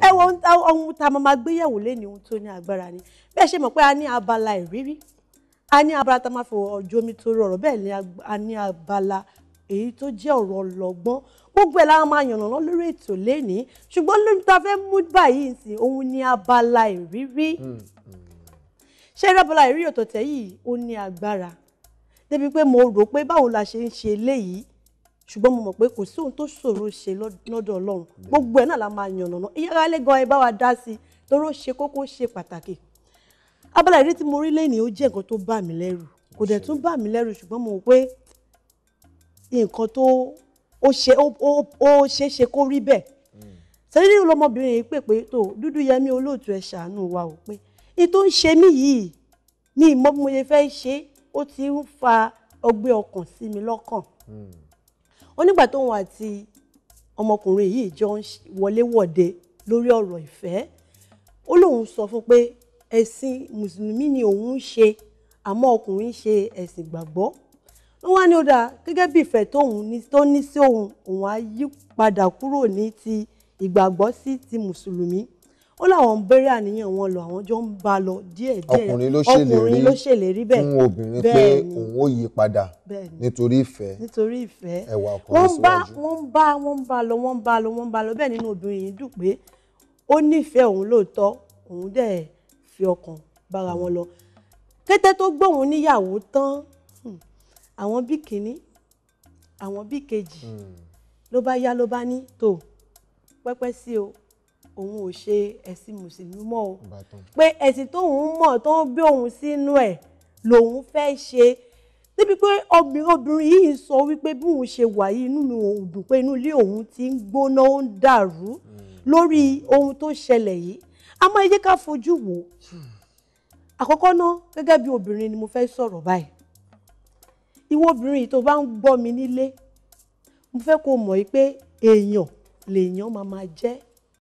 ẹ wo ohun tá a máa gbéyẹ̀wò léni ohun tó ní agbára ni bẹ́ẹ̀ ṣe mọ̀ pé a ní abala ìrírí a ní abala tá a máa fi ọjọ́ mi tó rọrọ̀ bẹ́ẹ̀ ni a ní abala èyí tó jẹ́ ọ̀rọ̀ ọlọ́gbọ́n gbogbo ẹ̀ láwọn máa yànnà lọ lórí ètò léni ṣùgbọ́n lórí tá a fẹ́ mú báyìí sí ohun ní abala ìrírí ṣé abala ìrírí ọ̀tọ̀tẹ̀ yìí ó ní agbára débi pé mo rò pé báwo la ṣe ń ṣe eléyìí ṣùgbọ́n mo mọ̀ pé kò sí ohun tó ṣòro ṣe lọ́dọ̀ ọlọ́run gbogbo ẹ̀ náà la máa yànnàná ìyára lé gan ẹ bá wa dá sí i torí ó ṣe kókó ṣe pàtàkì abala ìdí tí mo rí lẹ́yìn ó jẹ́ nǹkan tó bà mí lẹ́rù kò dẹ̀ tún bà mí lẹ́rù ṣùgbọ́n mo mọ̀ pé nǹkan tó ó ṣe ó ṣe ṣe kó rí bẹ́ẹ̀ sẹ́yìn hmm. nínú lọmọbìnrin yìí pè pé tó dúdú yẹmí olóòtú ẹ ṣàánú wa ò pé ní tó ń ṣe mí yìí ní ìmọ̀ bí mo ṣe fẹ́ ṣe ó ti ń fa ọgbẹ́ ọkàn sí mi lọ́kàn hmm ó nígbà tóun àti ọmọkùnrin yìí jọ ń wọléwọ̀de lórí ọ̀rọ̀ ìfẹ́ ó lóun sọ fún pé ẹ̀sìn mùsùlùmí ni òun ń ṣe àmọ́ ọkùnrin ń ṣe ẹ̀sìn gbàgbọ́ wọ́n wá ní ó dáa gẹ́gẹ́ bí ìfẹ́ tóun tó ní sí òun òun á yí padà kúrò ní ti ìgbàgbọ́ sí ti mùsùlùmí ó láwọn ń bẹ̀rẹ̀ àníyàn wọn lọ àwọn jọ ń bá lọ díẹ̀ díẹ̀ ọkùnrin ló ṣèlérí bẹ́ẹ̀ fún obìnrin pé òun ó yí padà nítorí ìfẹ́ nítorí ìfẹ́ ẹwà ọkùnrin síwájú wọ́n ń bá wọ́n ń bá lọ wọ́n ń bá lọ wọ́n ń bá lọ bẹ́ẹ̀ nínú obìnrin yìí dùn pé ó nífẹ̀ẹ́ òun lóòótọ́ òun dẹ̀ fi ọkàn bára wọn lọ kété tó gbóhùn níyàwó tán hmm, àwọn bí kìíní àwọn bí kejì hmm. ló bá yá ló bá ní tó pẹ́pẹ́ sí o òun ò ṣe ẹ̀sìn mùsùlùmí mọ́ o pé ẹ̀sìn tóun mọ̀ tó ń bí òun sínú ẹ̀ lòun fẹ́ ṣe níbi pé obìnrin yìí ń sọ wípé bí òun ṣe wà yìí inú mi ò dùn pé inú ilé òun ti ń gbóná ó ń dàrú hmm. lórí ohun tó ṣẹlẹ̀ yìí a máa yẹ ká fojú wò àkọ́kọ́ ná gẹ́gẹ́ bí obìnrin ni mo fẹ́ sọ̀rọ̀ báyìí ìwọ obìnrin yìí tó bá ń gbọ́ mi nílé mo fẹ́ kó mọ̀ pé èèyàn lèèyàn máa máa jẹ́